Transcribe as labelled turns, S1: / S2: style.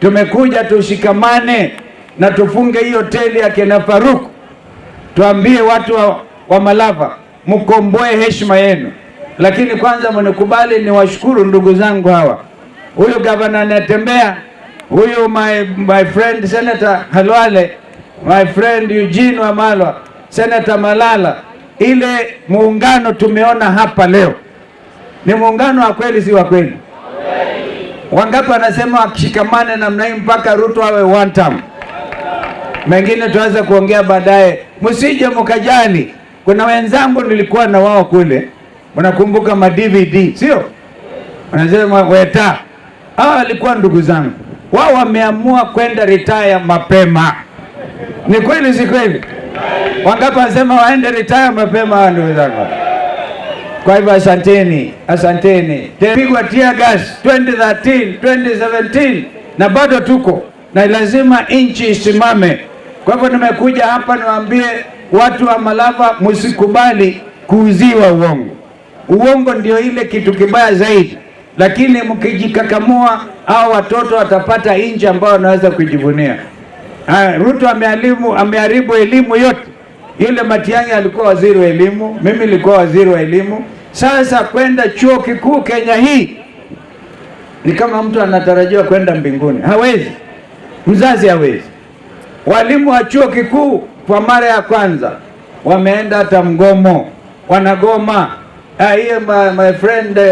S1: Tumekuja tushikamane na tufunge hiyo teli ya kina Faruk, tuambie watu wa, wa Malava mkomboe heshima yenu. Lakini kwanza mnikubali niwashukuru ndugu zangu hawa, huyu gavana anatembea huyu my, my friend Senator Halwale, my friend Eugene Wamalwa, Senator Malala. Ile muungano tumeona hapa leo ni muungano wa kweli, si wa kweli? Wangapi wanasema wakishikamana namna hii mpaka Ruto awe one term? Mengine tuanze kuongea baadaye, msije mkajani. Kuna wenzangu nilikuwa na wao kule, unakumbuka ma DVD sio? Wanasema weta hawa walikuwa ndugu zangu, wao wameamua kwenda retire mapema. Ni kweli si kweli? Wangapi wanasema waende retire mapema ndugu zangu? Kwa hivyo asanteni, asanteni. Pigwa tear gas 2013, 2017 na bado tuko na lazima nchi isimame. Kwa hivyo nimekuja hapa niwaambie watu wa Malava, msikubali kuuziwa uongo. Uongo ndio ile kitu kibaya zaidi, lakini mkijikakamua, au watoto watapata nchi ambayo wanaweza kujivunia. Ah, Ruto ameharibu elimu yote. Yule Matiang'i alikuwa waziri wa elimu, mimi nilikuwa waziri wa elimu. Sasa kwenda chuo kikuu Kenya hii ni kama mtu anatarajiwa kwenda mbinguni, hawezi. Mzazi hawezi. Walimu wa chuo kikuu kwa mara ya kwanza wameenda hata mgomo, wanagoma. Ah, my, my friend eh,